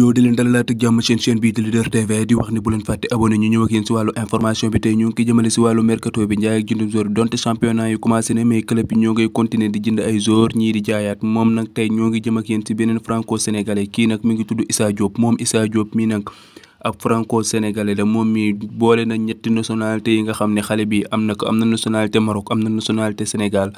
nuyoo di leen dalalaat ak jàmm seen chaîne bii di leader tv di wax ni bu leen fàtte abonné ñu ñëw ak yéen si wàllu information bi tey ñu ngi ki si wàllu mercato bi njaay ak jëndum jour donte championnat yi commencé na mais club yi ñoo ngay continuer di jënd ay jour ñii jaayaat moom nag tey ñoo ngi jëm ak yéen si beneen franco sénégalais kii nag mi ngi tudd Issa Diop moom Issa Diop mii nag ak franco sénégalais la moom mi boole na ñetti nationalité yi nga xam ne xale bi am na am na nationalité Maroc am na nationalité Sénégal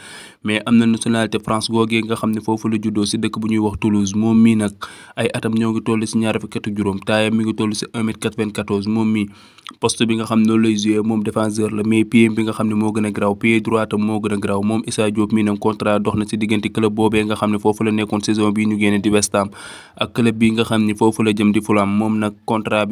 mais am na nationalité France googee nga xam ne foofu la juddoo si dëkk bu ñuy wax Toulouse moom mii nag ay atam ñoo ngi toll si ñaar fukki at ak juróom taayam mi ngi toll si 1 mètre 94 moom mii poste bi nga xam ne loolu lay moom défenseur la mais pied bi nga xam ne moo gën a graw pied am moo gën a graw na si diggante club boobee nga xam ne foofu la nekkoon saison bii ñu génne di nga xam ne foofu la jëm di moom nag contrat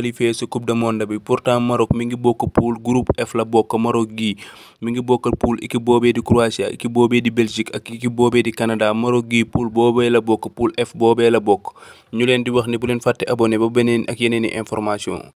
qualifié si coupe du monde bi pourtant Maroc mi ngi bokk poule groupe F la bokk Maroc gii mi ngi bokk poule équipe boobee di Croatie équipe boobee di Belgique ak équipe boobe di Canada Maroc gii poul boobee la bokk poule F boobee la bokk ñu leen di wax ne bu leen fàtte abonné ba beneen ak yeneen i information